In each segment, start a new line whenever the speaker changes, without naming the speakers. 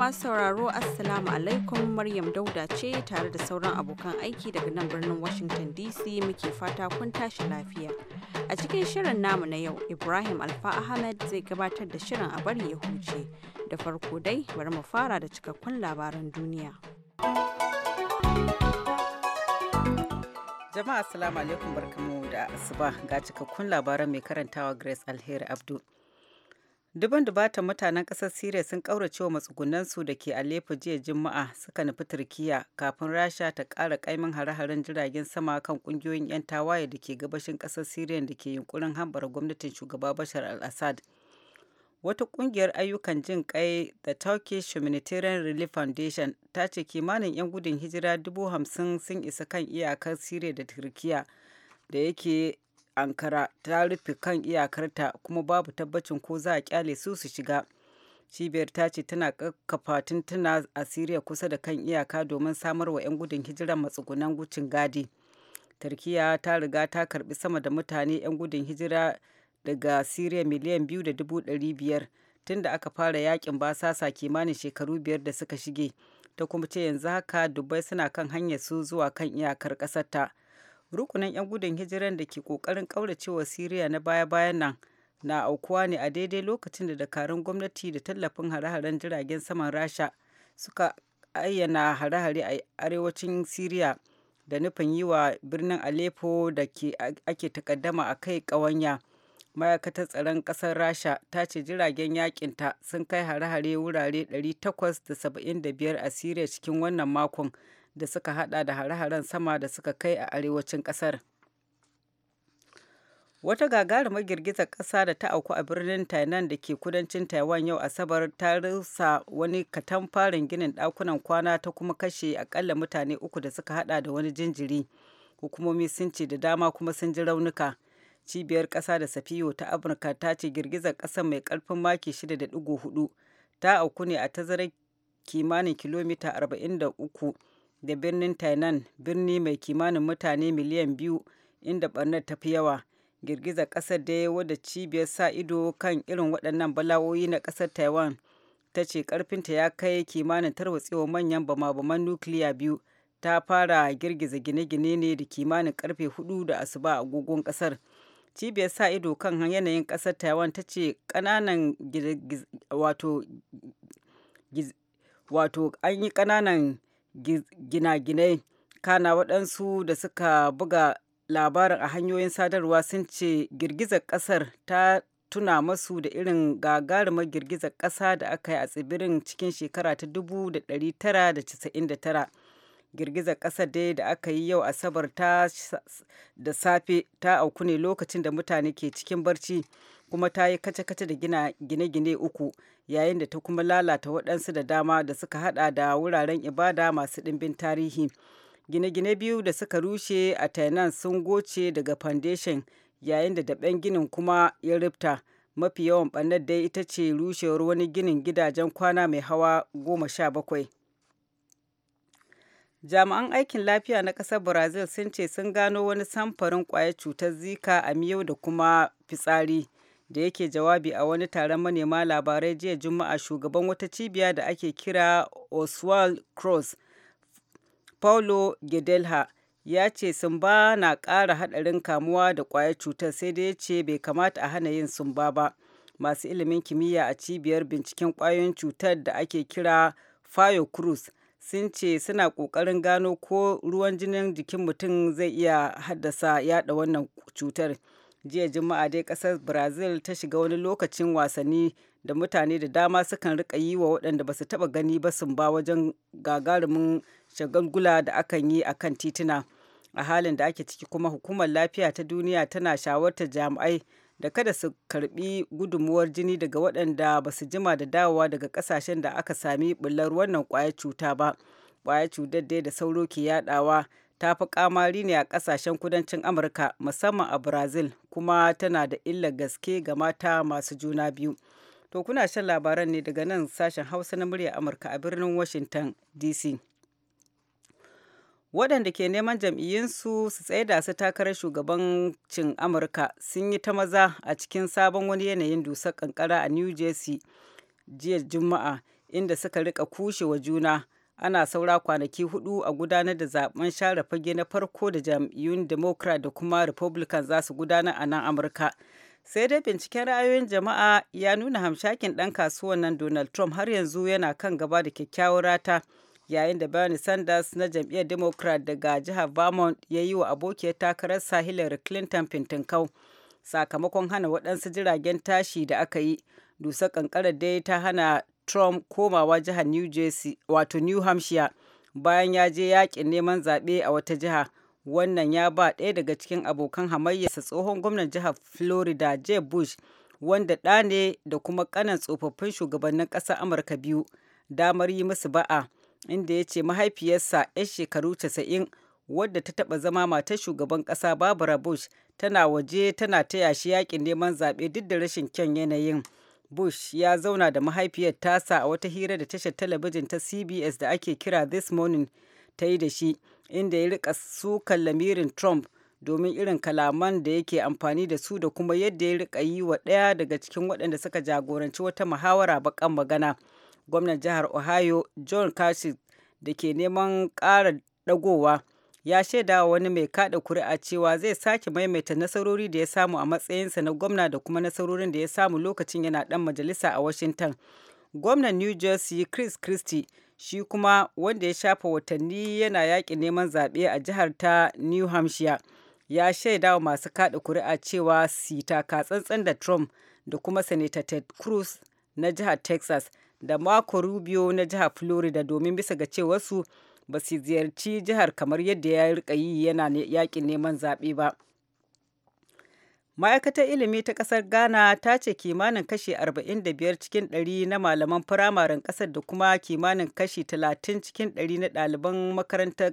masu sauraro Assalamu alaikum Maryam Dauda ce tare da sauran abokan aiki daga nan birnin Washington DC muke fata kun tashi lafiya. A cikin shirin namu na yau, Ibrahim Alfa Ahmed zai gabatar da shirin a bari ya huce. Da farko dai bari mu fara da cikakkun labaran duniya.
Jama'a Assalamu alaikum barkamu da asuba ga cikakkun labaran mai karantawa Grace Alheri Abdul. duban dubatan mutanen kasar syria sun kaurace wa matsugunansu da ke aleppo jiya juma'a suka nufi Turkiyya, kafin rasha ta kara kaimin hare-haren jiragen sama kan kungiyoyin 'yan tawaye da ke gabashin kasar syria da ke yunkurin hambara gwamnatin shugaba bashar al-assad wata kungiyar ayyukan jin kai the turkish humanitarian relief foundation ta ce kimanin 'yan gudun hijira dubu hamsin sun isa kan iyakar syria da Turkiyya da yake ankara ta rufe kan iyakarta kuma babu tabbacin ko za a kyale su su shiga cibiyar ta ce tana kakkafa tana a siriya kusa da kan iyaka domin samar wa 'yan gudun hijira matsugunan wucin gadi turkiya ta riga ta karbi sama da mutane 'yan gudun hijira daga siriya miliyan biyu da dubu ɗari biyar tun da aka fara yakin basasa kimanin shekaru biyar da suka shige ta kuma ce yanzu haka dubai suna kan hanyar su zuwa kan iyakar ƙasarta rukunin 'yan gudun hijiran da ke kokarin kauracewa siriya na baya-bayan nan na aukuwa ne a daidai lokacin da dakarun gwamnati da tallafin hare-haren jiragen saman rasha suka ayyana hare-hare a arewacin siriya da nufin yi wa birnin aleppo da ake takaddama a kai ƙawanya ma'aikatar tsaron ƙasar rasha ta ce jiragen yakinta sun kai hare-hare wurare 875 a siriya cikin wannan makon da suka hada da hare-haren sama da suka kai a arewacin kasar. Wata gagarumar girgizar ƙasa da ta auku a birnin Tainan da ke kudancin Taiwan yau Asabar ta rusa wani katamfarin ginin ɗakunan kwana ta kuma kashe akalla mutane uku da suka hada da wani jinjiri. Hukumomi sun ce da dama kuma sun ji raunuka. Cibiyar ƙasa da Safiyo ta Amurka ta ce girgizar ƙasa mai ƙarfin maki 6.4 ta auku ne a tazarar kimanin kilomita 43 da birnin tainan birni mai kimanin mutane miliyan biyu inda barnar ta fi yawa girgizar kasar da wadda cibiyar sa ido kan irin waɗannan bala'oyi na ƙasar taiwan ta ce karfinta ya kai kimanin tarwatsewa manyan bama-baman nukiliya biyu ta fara girgiza gine-gine ne da kimanin karfe hudu da asuba a agogon kasar cibiyar sa ido kan yanayin kasar taiwan ta ce kananan wato wato an yi kananan gina-ginai kana waɗansu da suka buga labarin a hanyoyin sadarwa sun ce girgizar ƙasar ta tuna masu da irin gagarumar girgizar ƙasa da aka yi a tsibirin cikin shekara ta 1999 girgizar ƙasar dai da aka yi yau asabar ta da safe ta auku ne lokacin da mutane ke cikin barci kuma ta yi kace-kace da gine-gine uku yayin da ta kuma lalata waɗansu da dama da suka hada da wuraren ibada masu ɗimbin tarihi gine-gine biyu da suka rushe a tainan sun goce daga foundation yayin da daɓen ginin kuma ya mafi yawan ɓannar dai ita ce rushewar wani ginin gidajen kwana mai hawa goma sha bakwai jami'an aikin lafiya na ƙasar brazil sun ce sun gano wani samfarin ƙwayar cutar zika a miyau da kuma fitsari da yake jawabi a wani taron manema labarai jiya juma'a shugaban wata cibiya da ake kira oswald cross paulo gedelha ya ce sumba na ƙara haɗarin kamuwa da ƙwayar cutar sai dai ya ce bai kamata a hana yin sumba ba masu ilimin kimiyya a cibiyar binciken kwayoyin cutar da ake kira fayo cruz sun ce suna ƙoƙarin gano ko ruwan jinin jikin mutum zai iya haddasa yada wannan cutar. jiya juma'a dai kasar brazil ta shiga wani lokacin wasanni da mutane da dama sukan rika yi wa waɗanda ba su taba gani ba sun ba wajen gagarumin shagulgula da akan yi a kan tituna a halin da ake ciki kuma hukumar lafiya ta duniya tana shawartar jami'ai da kada su karbi gudunmuwar jini daga waɗanda ba su jima da dawowa daga ƙasashen da aka sami bullar wannan ƙwayar cuta ba ƙwayar cutar dai da sauro ke yadawa ta fi kamari ne a ƙasashen kudancin amurka musamman a brazil kuma tana da illar gaske ga mata masu juna biyu to kuna shan labaran ne daga nan sashen hausa na murya amurka a birnin washington dc waɗanda ke neman jam'iyyunsu su da su takarar shugabancin amurka sun yi ta maza a cikin sabon wani yanayin dusar kankara a new jersey jiya juma'a inda suka rika kushe wa juna ana saura kwanaki hudu a gudanar da zaben share fage na farko da jam'iyyun democrat da kuma republican za su gudanar a nan amurka sai dai binciken ra'ayoyin jama'a ya nuna hamshakin ɗan kasuwan nan donald trump har yanzu yana kan gaba da kyakkyawar rata yayin da Bernie Sanders na jam'iyyar Democrat daga jihar Vermont ya yi wa abokiyar takararsa Hillary Clinton kau sakamakon hana waɗansu jiragen tashi da aka yi. Dusa ƙanƙarar dai ta hana Trump komawa jihar New Jersey wato New Hampshire bayan ya je yakin neman zaɓe a wata jiha. Wannan ya ba ɗaya daga cikin abokan hamayyarsa tsohon gwamnan jihar Florida Jeb Bush wanda ɗa ne da kuma ƙanan tsofaffin shugabannin ƙasar Amurka biyu damar yi musu ba'a. inda ya ce mahaifiyarsa 'yan shekaru 90 wadda ta taba zama matar shugaban kasa Barbara Bush tana waje tana taya shi yakin neman zaɓe duk da rashin kyan yanayin. Bush ya zauna da mahaifiyar tasa a wata hira da tashar talabijin ta CBS da ake kira This Morning ta yi da shi, inda ya rika sukan lamirin Trump domin irin kalaman da yake amfani da su da kuma yadda ya rika yi wa ɗaya daga cikin waɗanda suka jagoranci wata muhawara bakan magana. gwamnan jihar ohio john kasich da ke neman ƙara ɗagowa ya shaida wa wani mai kada kuri'a cewa zai sake maimaita nasarori da ya samu a matsayinsa na gwamna da kuma nasarorin da ya samu lokacin yana ɗan majalisa a washington gwamnan new jersey chris christie shi kuma wanda ya shafa watanni yana yaƙi neman zaɓe a jihar ta new hampshire ya shaida wa masu kada kuri'a cewa sita ka tsantsan da trump da kuma senator ted cruz na jihar texas da Marco Rubio na jihar Florida domin bisa ga cewarsu ba su ziyarci jihar kamar yadda ya rika yi yana yakin neman zaɓe ba. Ma'aikatar ilimi ta ƙasar Ghana ta ce kimanin kashi 45 cikin 100 na malaman firamaren ƙasar da kuma kimanin kashi 30 cikin 100 na ɗaliban makarantar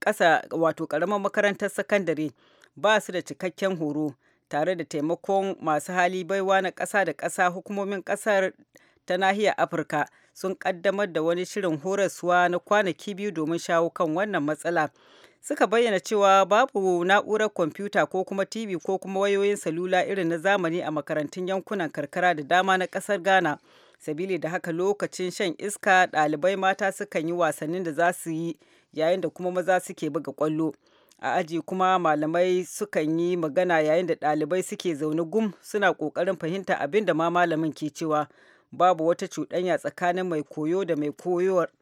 ƙasa wato ƙaramar makarantar sakandare ba su da cikakken horo tare da taimakon masu hali baiwa na ƙasa da ƙasa hukumomin ƙasar ta nahiyar Afirka sun kaddamar da wani shirin horaswa na kwanaki biyu domin shawo kan wannan matsala. Suka bayyana cewa babu na'urar kwamfuta ko kuma TV ko kuma wayoyin salula irin na zamani a makarantun yankunan karkara da dama na ƙasar Ghana. Sabili da haka lokacin shan iska ɗalibai mata sukan yi wasannin da za su yi yayin da kuma maza suke buga kwallo a aji kuma malamai sukan yi magana yayin da ɗalibai suke zaune gum suna ƙoƙarin fahimta abin da ma malamin ke cewa babu wata cuɗanya tsakanin mai koyo da mai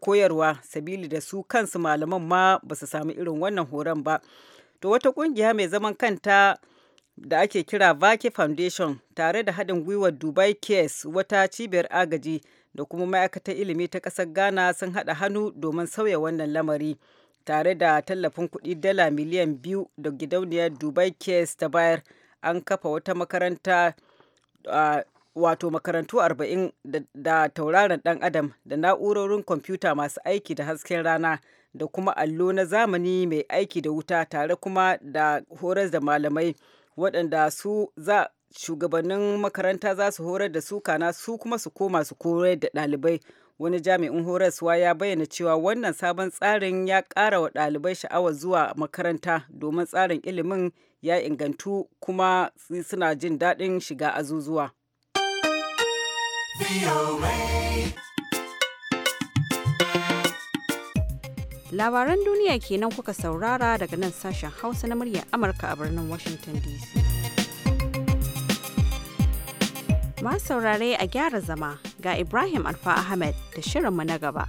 koyarwa sabili da su kansu malaman ma ba su sami irin wannan horon ba to wata ƙungiya mai zaman kanta da ake kira vaki foundation tare da haɗin gwiwar dubai cares wata cibiyar agaji da kuma ma'aikatar ilimi ta ƙasar ghana sun haɗa hannu domin sauya wannan lamari tare da tallafin kuɗi dala miliyan biyu da gidauniyar dubai cares ta bayar an kafa wata makaranta wato makarantu arba'in da tauraron dan adam da na'urorin kwamfuta masu aiki da hasken rana da kuma allo na zamani mai aiki da wuta tare kuma da horar da malamai waɗanda su za shugabannin makaranta za su horar da su kana su kuma su koma su koyar da ɗalibai wani jami'in horaswa ya bayyana cewa wannan sabon tsarin ya ƙara wa ɗalibai sha'awa zuwa makaranta domin tsarin ilimin ya ingantu kuma suna jin daɗin shiga azuzuwa.
Labaran duniya kenan kuka saurara daga nan sashen Hausa na muryar Amurka a birnin Washington DC. masu saurare a gyara zama ga Ibrahim Alfa Ahmed da shirinmu na gaba.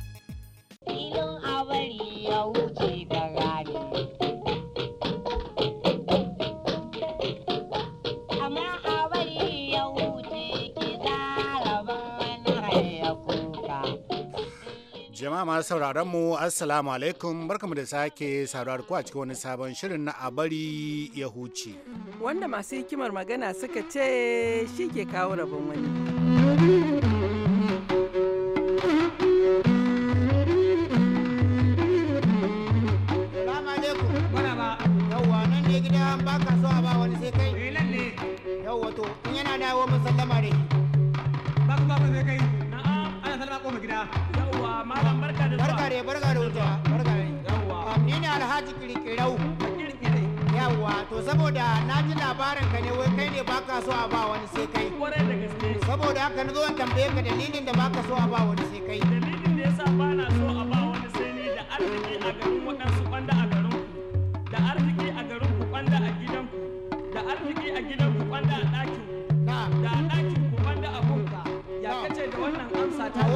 jama'a masu sauraron mu assalamu alaikum barkamu da sake saduwa ku a cikin wani sabon shirin na a bari ya huce
wanda masu hikimar magana suka ce shi ke kawo rabon wani
gida ba ka so a ba wani sai kai eh, yau wato in yana dawo musallama da shi ba ku ba sai kai na'am ana sallama koma gida malam barka da barka da wuta barka da ni ne alhaji kirkirau yawa to saboda na ji labarin ka ne wai kai ne baka so a ba wani sai
kai saboda haka na zo in tambaye ka dalilin da baka so a
ba wani sai kai dalilin da yasa ba na so a ba wani sai ni da arziki a garin waɗansu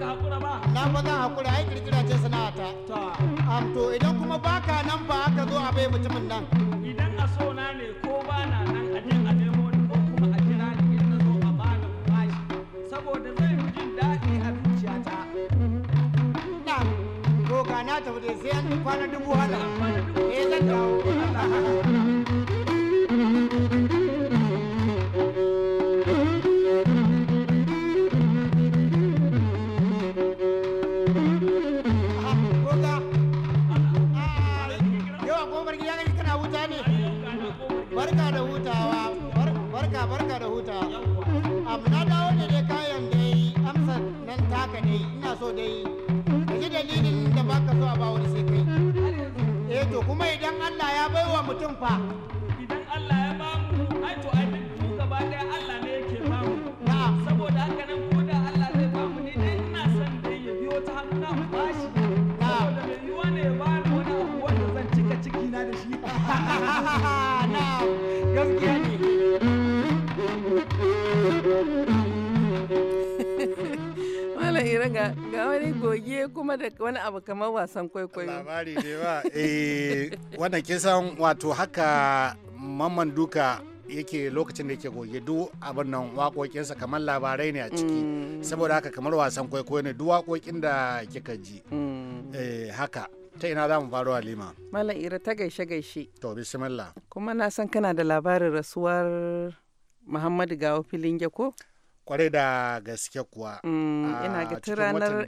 baka hakura ba na fa zan hakura ai kirkira ce ta. am to idan kuma baka nan ba aka zo a bai mutumin nan idan
a so na ne ko ba na nan a je a nemo ni ko kuma a kira ni in na zo a bani bashi saboda zai yi jin daɗi a zuciyata na
ko ka na tafi da sai an kwana dubu hada eh zan dawo mutum fa
idan Allah ya bamu ai to ai duk gaba daya Allah ne yake bamu mu saboda haka nan ko da Allah zai bamu ni dai ina son dai ya biyo ta hannu na mu bashi saboda mai yiwa ne ya bani wani abu wanda zan cika ciki na da shi na gaskiya ne
Malam Ira ga wani goge ko kuma da wani abu kamar wasan kwaikwayo labari ne ba eh
ke san wato haka mamman duka yake lokacin da yake goge duk abin nan waƙoƙinsa kamar labarai ne a ciki mm. saboda haka kamar wasan kwaikwayo ne duk waƙoƙin da kika ji mm. eh, haka ta ina za mu faro halima malam ira ta gaishe gaishe to bismillah
kuma na san kana da labarin rasuwar muhammadu gawo filinge ko
kwarai da gaske kuwa mm, ina ga ta ranar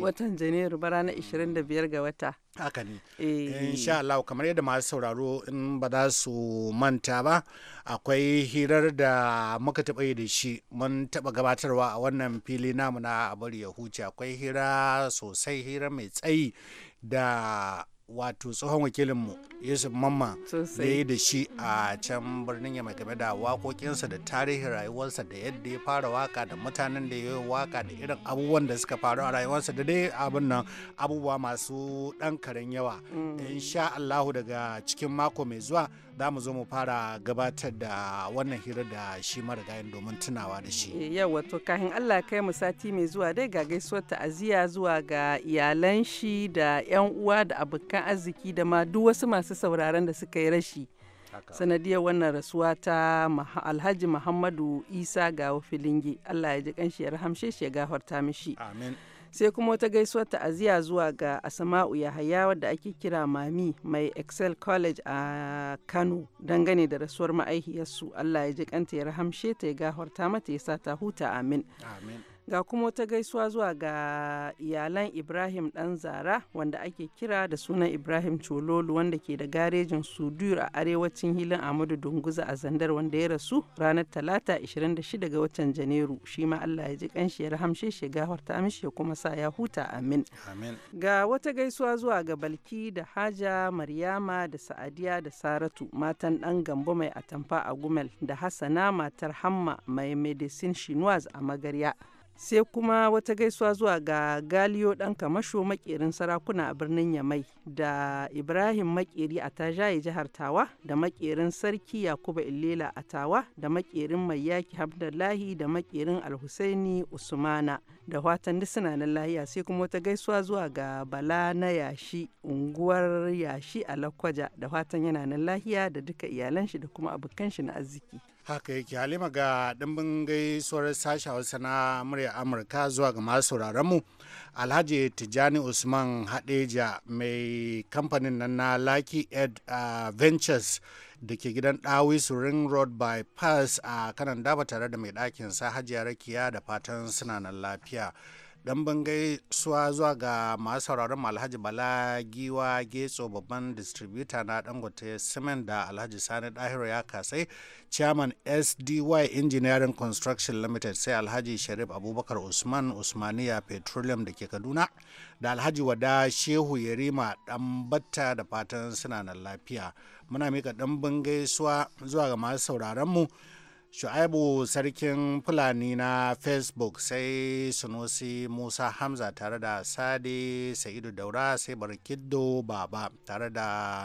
watan janairu ba ranar 25 mm. ga wata haka ne
eh. insha Allah kamar yadda masu sauraro in ba za su manta ba akwai hirar da muka taba yi da shi mun taba gabatarwa a wannan fili namu na abar ya huce akwai hira sosai hira mai tsayi da wato tsohon wakilinmu yusuf mamma da yi da shi a can birnin yamma game da waƙoƙinsa da tarihin rayuwarsa da yadda ya fara waka da mutanen da ya yi waka da irin abubuwan da suka faru a rayuwarsa da dai abin nan abubuwa masu ɗan karen yawa mm. in sha allahu daga cikin mako mai zuwa za mu zo mu fara gabatar da wannan hira da shi marigayin domin tunawa da shi eh, yau
wato kahin allah kai mu sati mai zuwa dai ga gaisuwar ta'aziyya zuwa ga iyalan shi da yan uwa da abokan arziki da ma duk wasu masu sauraron da suka yi rashi sanadiyar wannan rasuwa ta alhaji muhammadu isa ga filingi allah ya ji kanshi ya rahamshe shi ya gafarta mishi amin sai kuma wata gaisuwar ta'aziyya zuwa ga asama'u yahaya wadda ake kira mami mai excel college a kano dangane da rasuwar ma'aihiyarsu allah ya ji kanta ya rahamshe ta ya gafarta mata ya sa ta huta amin. Ga kuma wata gaisuwa zuwa ga iyalan Ibrahim ɗan Zara wanda ake kira da sunan Ibrahim Chololu wanda ke da garejin Sudur a arewacin hilin Amadu Dunguza a Zandar wanda ya rasu ranar Talata 26 ga watan Janairu. Shi ma Allah ya ji kanshi ya rahamshe shi gafarta mishi ya kuma sa ya huta amin. Ga wata gaisuwa zuwa ga Balki da Haja, Maryama da Sa'adiya da Saratu matan dan Gambo mai atamfa a Gumel da Hassana matar Hamma mai Medicine Chinoise a Magarya. sai kuma wata gaisuwa zuwa ga galiyo ɗan kamasho makerin sarakuna a birnin yamai da ibrahim makeri a tajaye jihar tawa da makerin sarki yakuba illela a tawa da makerin mai yaki hamdallahi da makerin alhusaini usmana da watan duk suna nan lahiya sai kuma wata gaisuwa zuwa ga bala na yashi unguwar yashi a lakwaja da watan yana nan lahiya da duka iyalan shi da kuma abokan shi na arziki
haka yake halima ga dimbin gaisuwar sashen hausa na murya amurka zuwa ga masu mu alhaji tijjani usman hadeja mai kamfanin nan na laki ed ah, ventures da ke gidan dawis Ring Road bypass a kanan daba tare da mai ɗakin sa Hajiya Rakiya da fatan suna nan lafiya. dan bangai suwa zuwa ga masu sauraron alhaji bala giwa getso babban distributor na dangote simen da alhaji sani dahiro ya kasai chairman sdy engineering construction limited sai alhaji sharif abubakar usman usmaniya petroleum da ke kaduna da alhaji wada shehu yarima dan batta da fatan suna nan lafiya muna mika dan bangai suwa zuwa ga masu sauraron mu shu'aibu sarkin fulani na facebook sai sunusi musa hamza tare da sadi sa'idu daura sai barkiddo baba tare da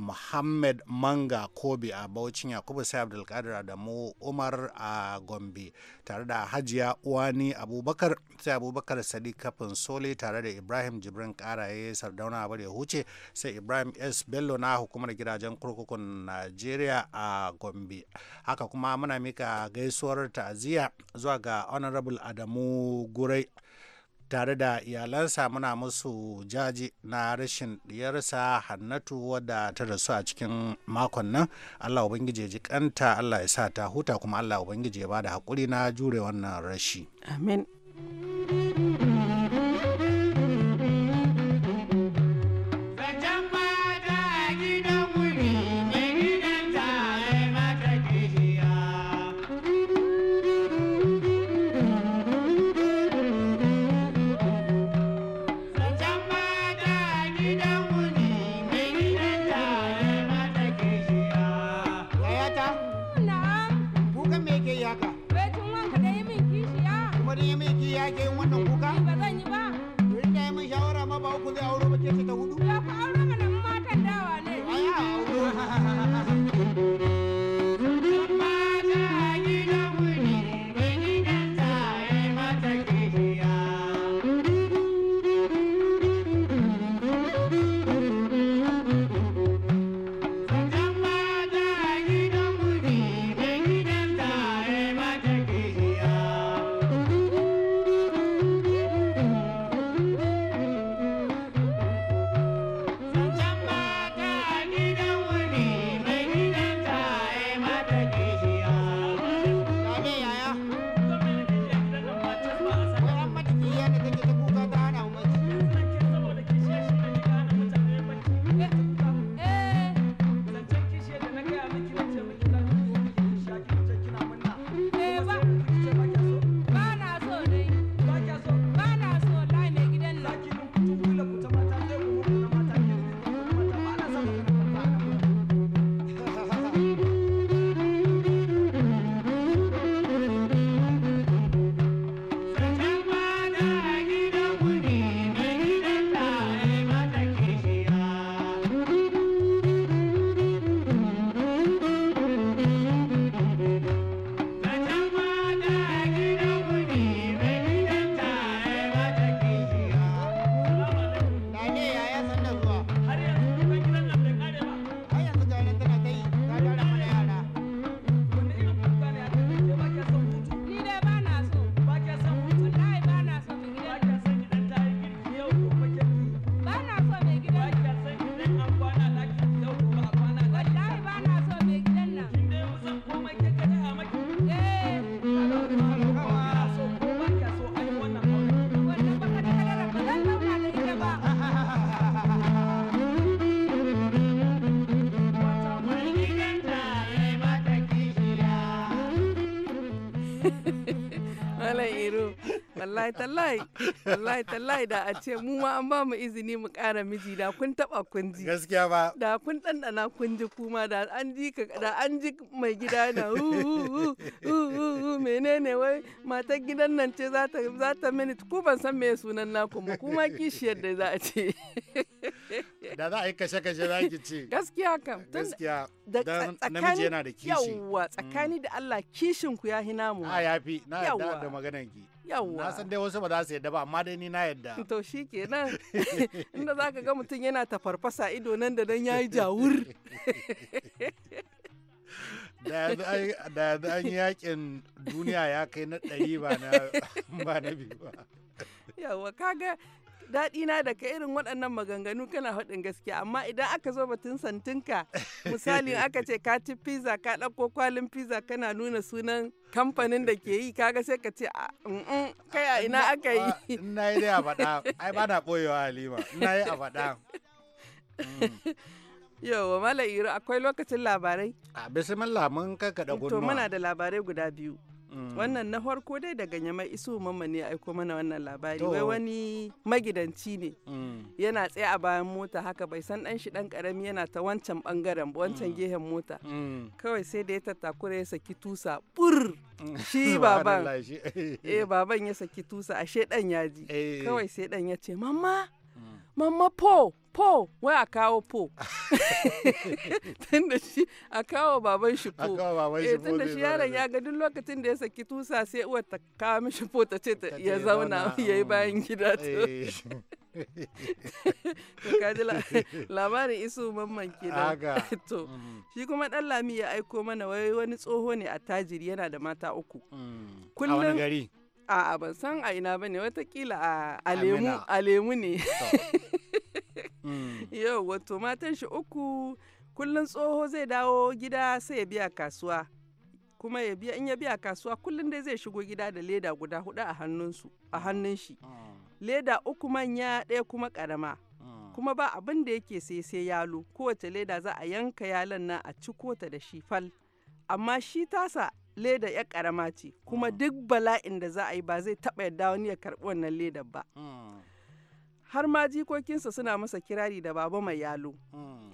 muhammad manga kobe a baucin yakubu sai abdulkadir adamu umar a gombe tare da hajiya uwani abubakar sai abubakar sadiq kafin sole tare da ibrahim jibrin karaye sardauna Abare ya huce sai ibrahim s bello na hukumar gidajen kurkukun najeriya a gombe haka kuma muna mika gaisuwar ta'aziyya zuwa ga honorable adamu gurai tare da iyalansa muna musu jaji na rashin diyarsa hannatu wadda ta rasu a cikin makon nan allah ubangiji ji kanta allah ya sa ta huta kuma allah ubangiji ya ba da haƙuri na jure wannan
rashi
amin
wallahi tallahi wallahi tallahi da a ce mu ma an ba mu izini mu kara miji da kun taba kun ji gaskiya ba da kun ɗanɗana kun ji kuma da an ji da an ji mai gida na hu hu menene wai matar gidan nan ce za ta za ta mini ku ban san me sunan naku mu kuma kishiyar da za a ce
da za a yi kashe kashe za ki ce
gaskiya kam gaskiya
da namiji yana da kishi yawa tsakani mm. da Allah kishin ku ya hina mu a yafi na da maganar ki yawwa na san dai wasu ba za su yadda ba amma dai ni na yadda to shi kenan inda
za ka ga mutum yana ta farfasa ido nan da nan ya yi jawur
da yanzu an yakin duniya ya kai na ɗari ba
na biyu ba
yawwa kaga daɗi na daga irin waɗannan maganganu kana haɗin gaskiya amma idan aka zo batun santinka misali aka ce ka ci pizza ka ɗauko kwalin pizza kana nuna sunan kamfanin da ke yi kaga sai ka ce a kai a ina aka yi na yi dai a faɗa
ai ba na ɓoyewa halima na yi a faɗa yawa
mala iro akwai lokacin labarai a
bisimila mun da gudunmawa to muna da
labarai guda biyu Mm. wannan na farko dai daga nyama iso mama ne aiko mana wannan labari wai wani magidanci ne mm. yana tsaye a bayan mota haka bai san dan shi dan karami yana ta wancan bangaren wancan mm. gehen mota kawai sai da ya tattakura ya saki tusa bur
shi baban eh
baban ya saki tusa ashe dan yaji eh. kawai sai dan ya ce mamma mamma po po wai a kawo po tunda shi a kawo baban shi po eh tunda shi yaron ya ga duk lokacin da ya saki tusa sai uwar ta kawo mishi po ta ce ya zauna ya yi mm. bayan gida to eh. kaji labarin isu mamman kenan to mm. shi kuma dan lami ya aiko mana wai wani tsoho ne a tajiri yana da mata uku
mm.
kullum A'a ban san a ina bane watakila a lemu a ne. Mm. Yau wato matan shi uku kullun tsoho zai dawo gida sai ya biya kasuwa. Kuma ya biya in ya biya kasuwa kullun dai zai shigo gida da leda guda hudu a hannunsu a mm. hannun shi. Mm. Leda uku manya ɗaya kuma ƙarama. Kuma ba abin da yake sai sai yalo kowace leda za a yanka yalon nan a ciko ta da shi fal. amma shi tasa leda ya karama ce kuma mm. duk bala'in da za a yi ba zai taba yadda wani ya karbi wannan ledar ba mm. har ma jikokinsa suna masa kirari da baba mai yalo mm.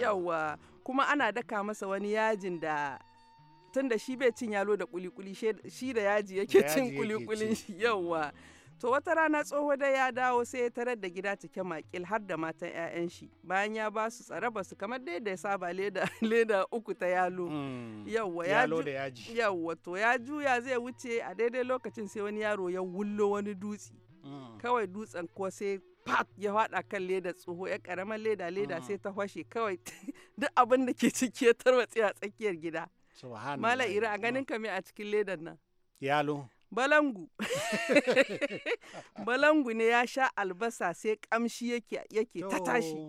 yawwa eh, kuma ana daka masa wani yajin da tun da shi bai cin yalo da kulikuli shi da yaji yake cin kulikulin yawwa To wata rana tsoho dai ya dawo sai ya tarar da gida cike makil har da matan 'ya'yan shi bayan ya ba su tsare ba su kamar dai da ya saba leda leda uku ta yalo. Mm, yawwa ya yawwa to ya juya zai wuce a daidai lokacin sai wani yaro ya wullo wani dutse. Mm. Kawai dutsen ko sai pat ya fada kan leda tsoho ya karamar leda leda mm. sai ta fashe kawai duk abin da ke ciki ya tarwatse a tsakiyar gida. Mala ira a ganin ka me a cikin ledan nan. Yalo. balangu balangu ne ya sha albasa sai kamshi yake yake ta tashi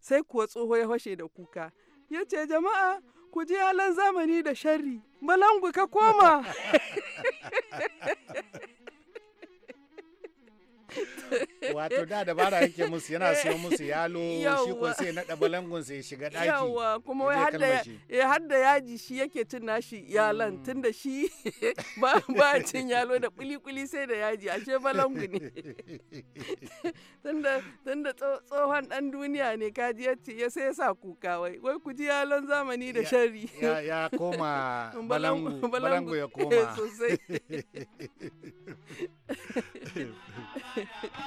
sai kuwa tsoho ya fashe da kuka ya ce jama'a ku ji halin zamani da sharri balangu ka koma
wato da dabara yake musu yana eh, siyo musu yalo shi ko sai na daba
langon sai shiga daki yawa kuma wai
eh, har da yaji shi yake cin nashi yalan mm. da shi ba ba cin yalo da kuli-kuli sai da yaji ashe balangu ne tunda tunda tsohon dan duniya ne kaji yace ya sai sa kuka wai wai ku ji yalon zamani da shari ya koma balangu balangu ya eh, koma sosai Thank you.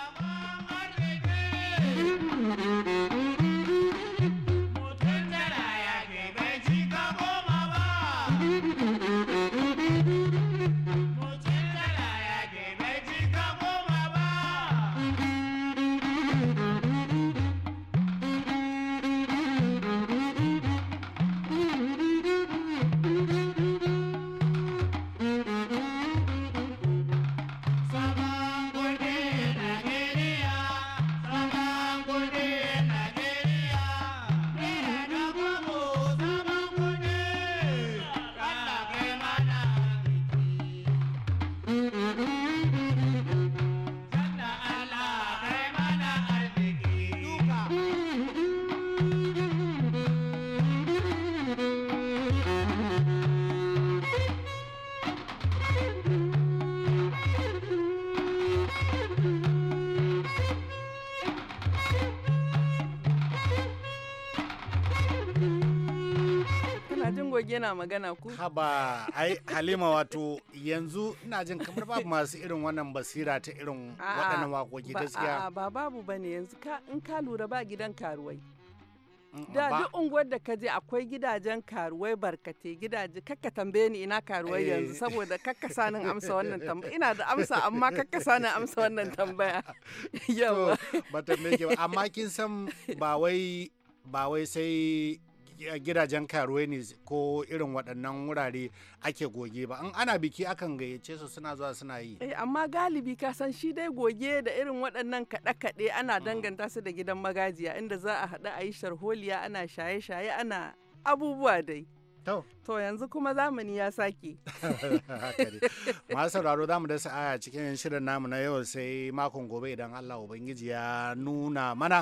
fage magana ku haba ai halima wato yanzu ina jin kamar babu masu irin wannan basira ta irin waɗannan waƙoƙi gaskiya
ba
babu ba ne yanzu in ka lura ba gidan karuwai mm, da duk unguwar da ka je akwai gidajen karuwai barkate gidaje kakka tambaye ni ina karuwai eh. yanzu saboda kakka sanin amsa wannan tambaya ina da amsa amma kakka sanin amsa wannan tambaya
yawa
ba tambaye amma kin san ba wai ba wai sai gidajen karuwa ne ko irin waɗannan wurare ake goge ba in ana biki akan gayyace su suna zuwa suna yi
eh amma galibi ka san shi dai goge da irin waɗannan kaɗe-kaɗe ana mm. danganta su da gidan magajiya inda za a haɗu a yi sharholiya ana shaye-shaye ana abubuwa dai To yanzu kuma zamani ya sake.
Masu sauraro za mu dasa aya cikin shirin namu na yau sai makon gobe idan Allah Ubangiji ya nuna mana.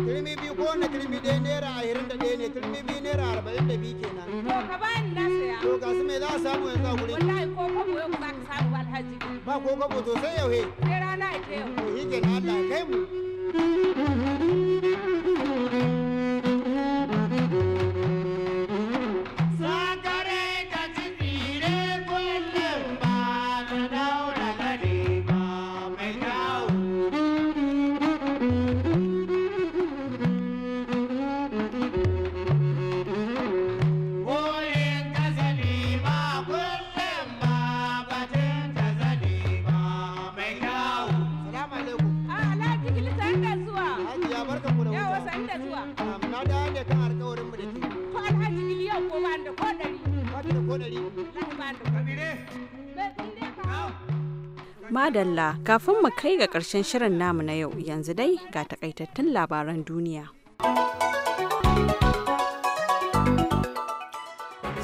turmi biyu ko wanda turmi ɗaya naira ashirin da ɗaya ne turmi biyu naira arba'in da biyu kenan. to ka ba ni na saya. to ga su me za a samu yanzu a gurin. wallahi ko kwabo yau ba ka samu alhaji. ba ko kwabo to sai yau he. sai rana ita yau. to shi kenan Allah ya kai mu.
madalla kafin mu kai ga ƙarshen shirin namu na yau yanzu dai ga takaitattun labaran duniya.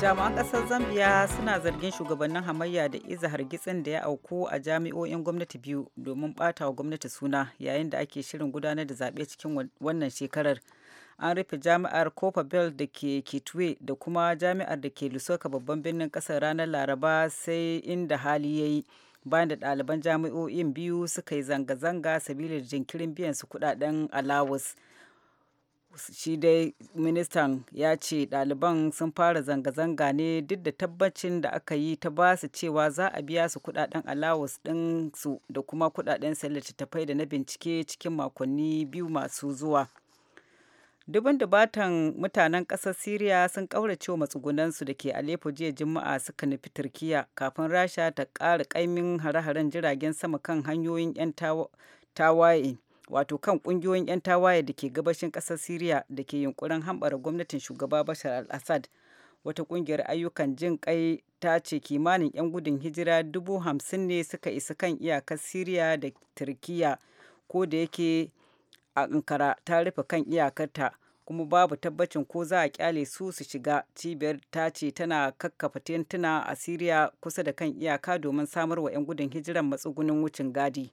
jami'an ƙasar zambia suna zargin shugabannin hamayya da iza hargitsin da ya auku a jami'o'in gwamnati biyu domin ɓata wa gwamnati suna yayin da ake shirin gudanar da zaɓe cikin wannan shekarar an rufe jami'ar bell da ke kitwe da kuma jami'ar da ke lusoka babban birnin ƙasar ranar laraba sai inda hali ya yi bayan da ɗaliban jami'o'in biyu suka yi zanga-zanga sabilin jinkirin biyan su kudaden alawus shi dai ministan ya ce ɗaliban sun fara zanga-zanga ne duk da tabbacin da aka yi ta ba su cewa za a biya su kudaden alawus su da kuma kudaden littattafai da na bincike cikin makonni biyu masu zuwa dubin dubatan mutanen ƙasar Siriya sun ƙaurace matsugunansu da ke Aleppo jiya Juma'a suka nufi Turkiya kafin Rasha ta ƙara ƙaimin hare-haren jiragen sama kan hanyoyin 'yan tawaye wato kan ƙungiyoyin 'yan tawaye da ke gabashin ƙasar Siriya da ke yunkurin hambara gwamnatin shugaba Bashar al-Assad. Wata ƙungiyar ayyukan jin ƙai ta ce kimanin 'yan gudun hijira dubu hamsin ne suka isa kan iyakar Siriya da Turkiya ko da yake a ankara ta rufe kan iyakarta kuma babu tabbacin ko za a kyale su su shiga cibiyar ta ce tana kakkafa tentuna a siriya kusa da kan iyaka domin samarwa 'yan gudun hijiran matsugunin wucin gadi